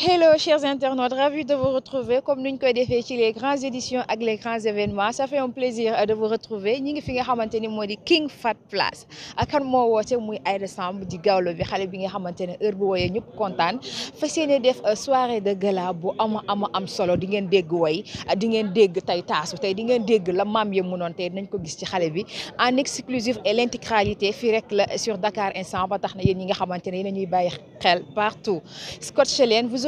Hello chers internautes, ravi de vous retrouver comme ni ñu koy defee ci les grandes éditions avec les grands événements ça fait un plaisir euh, de vous retrouver ñi ngi fi nga xamante ni di King Fat Place ak kan moo woote muy Aïda Samb di gawlo bi xale bi nga xamante heure bu wooyee ñëpp kontaan fas def euh, soirée de gala bu ama ama am solo di ngeen dégg way di ngeen dégg tay taasu tay di ngeen dégg la mam ya mënon tey nañ ko gis ci xalé bi en exclusif et l'intégralité fi rek la sur Dakar Instant ba tax na yéen ñi nga xamante ne ñuy bàyyi xel partout Scotch Lane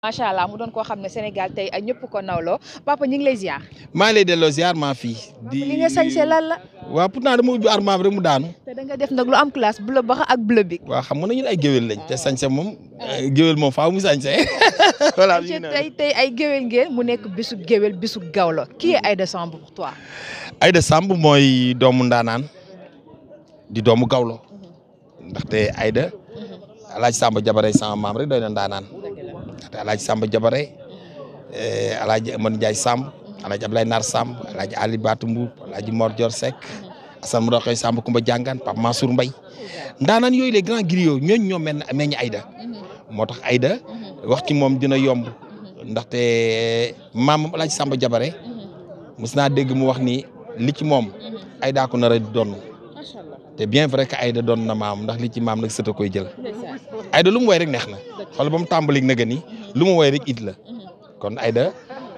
macha allah mu doon koo xam ne Sénégal tey a ñëpp ko nawloo papa ñu ngi lay ziar. maa ngi lay delloo ziar maa fii. di li nga sañse lan la. waaw naa dama ubbi armoire bi rek mu daanu. te da nga def nag lu am classe bleu baxa ak bleu bi. waa xam nga ne ñun ay géwél lañ te sañse moom. Eh, géwél moom faaw mu sañse. voilà ñu tey tey ay géwél ngeen mu nekk bisu géwél bisu gawlo kii Aïda Samb pour toi. Aïda mooy doomu ndaanaan di doomu gawlo ndaxte Aïda. Alaaji Samba Jabare sama mam rek doyna ndanan ndaanaan Alaaji Samba Jabare eh, Alaaji Amadou sam, Samb Alaaji Nar sam, Alaaji Ali Batou Mbuub Alaaji Mor Dior Seck Assane Morokoy Samb Kumba jangan pap Mansour mbay ndanan yoy les grands griots ñoo ñoo men meñ ayda motax ayda wax ci mom dina yomb té eh, mam Alaaji Samba Jabare musna deg mu wax ni li ci mom ayda ko nar a doon te bien vrai que ayda doon na mam ndax li ci mam nak koy jël ay da mu woy rek neex na xool ba mu tàmbali na gën lu mu woy rek it la kon Aida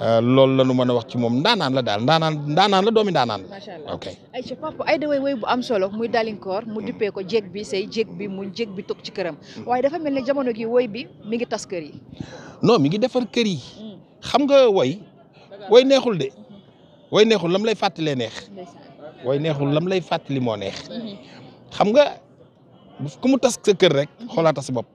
euh, loolu la nu mën a wax ci moom ndaanaan la daal ndaanaan ndaanaan la doomi ndaanaan la. macha allah ok ayca papa Aida woy bu am solo muy dalinkoor mu mm. duppee ko jéeg bi say jéeg bi mu jéeg bi toog ci këram mm. waaye dafa mel ne jamono gi woy bi mi ngi tas kër yi. non mi ngi defar kër yi. Mm. xam nga woy woy neexul de woy neexul lam lay fàttalee neex. neexul lam lay fàttali moo neex. Mm-hmm. xam nga ku mu tas sa kër rek mhm. xoolaata si bopp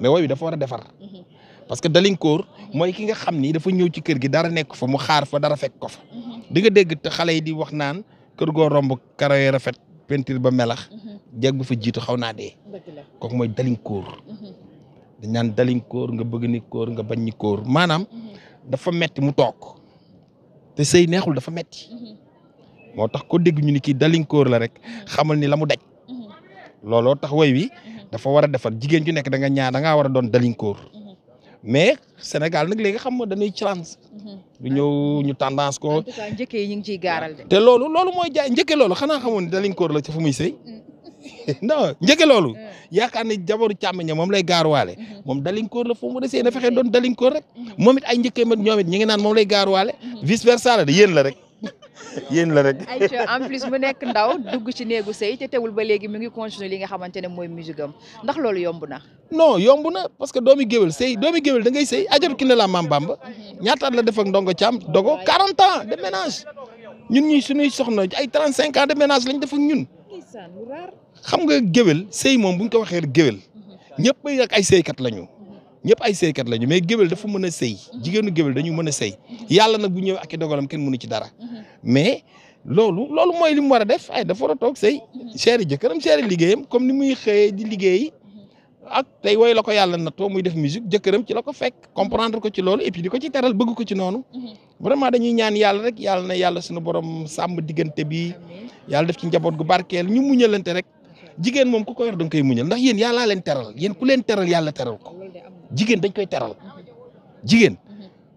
mais wooy bi dafa war a defar mhm. parce que dalinkoor mhm. mooy ki nga xam ni dafa ñëw ci kër gi dara nekk fa mu xaar fa dara fekk ko fa di nga dégg xale yi di wax naan kër goo romb karo rafet peinture ba melax jeeg fa jiitu xaw naa dee kooku mooy dalinkoor dañ naan dalinkoor nga bëgg ni koor nga bañ ni koor maanaam dafa metti mu toog te sey neexul dafa metti moo tax ko dégg ñu ni kii dalinkoor la rek xamal ni la mu daj lolo tax way wi mhm. dafa wara defal jigen ju nek da nga ñaar da nga wara don doon dalinkóor mhm. mais senegal nak legi xam da dañuy challenge. Mhm. du ñew ñu tendance ko. en tout yi ñu ngi ciy gaaral de. te lolu lolu moy jaay njëkke loolu xanaa xamoon ne la ci fu muy sey non njëkke lolu yaakaar ni jaboru chamagne mom lay la fu mu na fexe don dalinkóor rek. momit ay njëkkee mat ñomit ñi ngi naan mom lay walé vice versa la de la rek. yéen la rek. en plus mu nekk ndaw dugg ci néegu sëy te ba léegi mu ngi continuer li nga xamante ne mooy musique am ndax loolu yomb na. non yomb na parce que doomi géwél sëy doomi géwél da ngay sëy ajab ki ne la maam Bamba ñaata at la def ak ndongo Thiam dogo 40 ans de ménage ñun ñi suñuy soxna ay 35 ans de ménage lañ def ak ñun. xam nga géwél sëy moom bu ñu ko waxee géwél mm-hmm. ñëpp ak ay sëykat lañu. ñëpp ay sëykat lañu mais géwél dafa mën a sëy mm-hmm. jigéenu géwél dañu mën a sëy mm-hmm. yàlla nag bu ñëwee ak i dogalam kenn mënu ci dara. mais loolu loolu mooy li mu war a def ay dafa a toog sëy chère jëkkëram chère liggéeyam comme ni muy xëyee di liggéey ak tey woy la ko yàlla nattoo muy def musique jëkkëram ci la ko fekk comprendre ko ci loolu et di ko ci teral bëgg ko ci noonu vraiment dañuy ñaan yàlla rek yàlla na yàlla suñu borom sàmm diggante bi yàlla def ci njaboot gu barkeel ñu muñalante rek jigéen moom ku ko yor da nga koy muñal ndax yéen yàllaa leen teral yéen ku leen teral yàlla teral ko jigéen dañ koy teral jigéen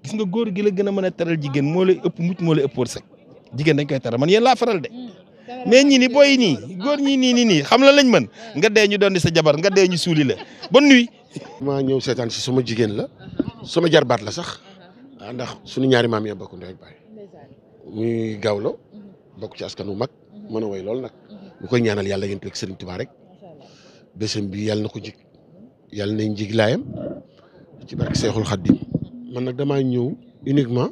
gis nga góor gi la gën a mën a teral jigéen moo lay ëpp mucc moo lay ëpp wërsëg jigen dañ koy tere man yeen la faral de hmm. mais ñi ni boy ni góor ñi ni ni ni xam la lañ man hmm. nga dee ñu doni di sa jabar nga dee ñu suuli la bonne nuit. ma ñew seetaan ci suma jigen la suma jarbat la sax ah, ndax suñu ñaari mam ya bokk ndey bay baay muy gawlo hmm. bokk ci askanu mak mëna way lol nak bu koy ñaanal yalla yéen tek Serigne Touba rek bésam bi yalla nako jik yalla nañ jik layam ci barke cheikhul khadim man nak dama ñew uniquement.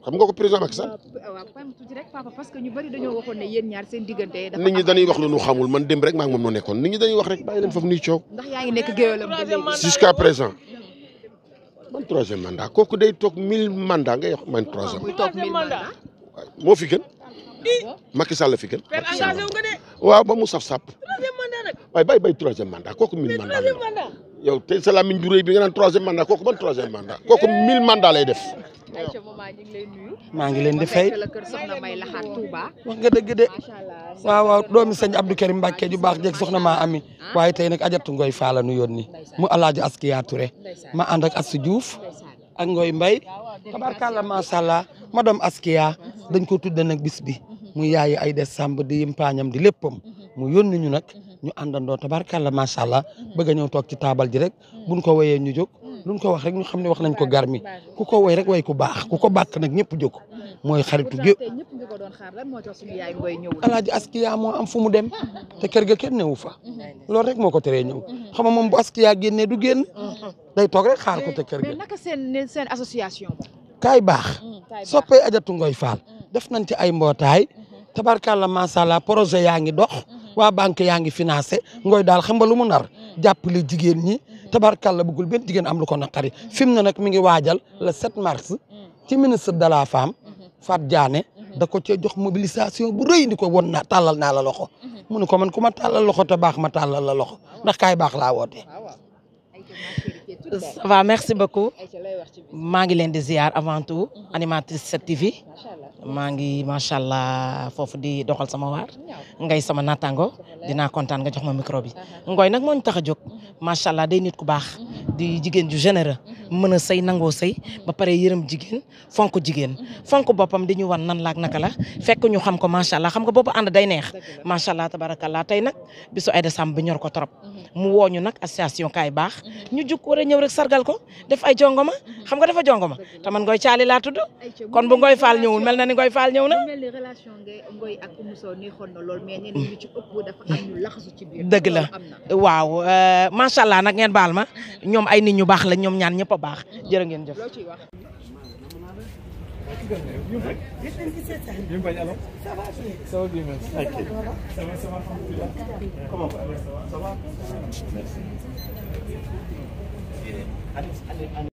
xam nga ko président Macky Sall. que ñu bari dañoo waxoon ne yéen ñaar seen diggante. dafa nit ñi dañuy wax lu ñu xamul man dem rek maa ngi moom noo nekkoon nit ñi dañuy wax rek bàyyi leen foofu nuy coow. ndax présent man troisième mandat kooku day toog mille mandat ngay wax man troisième. muy toog mille mandat. moo fi gën. Macky Sall la fi waaw ba mu saf sàpp. troisième mandat nag. waaye bàyyi bàyyi troisième mandat kooku mille mandat yow bi nga naan troisième mandat kooku ban troisième mandat kooku mille mandat lay def maa ngi leen di fay la kër doomi sëñ Abdou Karim Mbacke ju baax jeeg na maa ami ah. waaye tey nag ajatu ngoy faala nu yoon ni mu alaaji Askiya Touré ma ànd ak Astou Diouf ak Ngoy Mbay tabarkàlla macha allah Askiya dañ ko tudde nag bis bi mhm. mu yaayi ay samb di yimpaañam di léppam mhm. mu yónni ñu nag mhm. ñu àndandoo tabarkàlla macha allah bëgg a ñëw toog ci taabal ji rek buñ ko woyee ñu jóg lu ñu ko wax rek ñu xam ne wax nañ ko garmi ku ko woy rek way ku baax ku ko bàkk nag ñëpp jóg mooy xaritu gépp alaaji askiya moo am fu mu dem te kër ga kenn newu fa loolu rek moo ko teree ñëw xam nga moom bu askiya génnee du génn day toog rek xaar ko te kër ga mais seen seen association kaay baax hmm, soppe ajatu ngoy faal def nañ ci ay mbootaay tabarkàlla macha allah projet yaa ngi dox hmm. waa banque yaa ngi financé ngoy daal xam nga lu mu nar hmm. jàppale jigéen ñi tabarkàlla bëggul benn jigéen am lu ko naqari fi mu ne nag mi ngi waajal le 7 mars ci ministre de la femme Fat Diané da ko cee jox mobilisation bu rëy ni ko won naa tàllal naa la loxo mu ne ko man ku ma tàllal loxo te baax ma tàllal la loxo ndax kaay baax la woote. ça va merci beaucoup maa ngi leen di ziar avant tout animatrice 7 maa ngi macha allah foofu di doxal sama waar ngay sama naataango dinaa kontaan nga jox ma micro bi. Uh-huh. ngooy nag moo ñu a jóg uh-huh. macha allah day nit ku baax di jigéen ju généreux mën say sëy nangoo sëy ba pare yërëm jigéen fonk jigéen fonk boppam di ñu wan nan laak naka la fekk ñu xam ko macha allah xam nga boobu ànd day neex macha allah tabarakallah tey nag bisu Aïda Samb bi ñor ko trop mu woo ñu nag association kaay baax ñu juk war a ñëw rek sargal ko def ay jongoma xam nga dafa jongoma te man Ngoy Caali laa tudd kon bu Ngoy Faal ñëwul mel na ni Ngoy Faal ñëw na. dëgg la waaw euh, macha allah nag ngeen baal ma ñoom ay nit ñu baax la ñoom ñaan baax jërë ngeen jëf. Allez, allez, allez.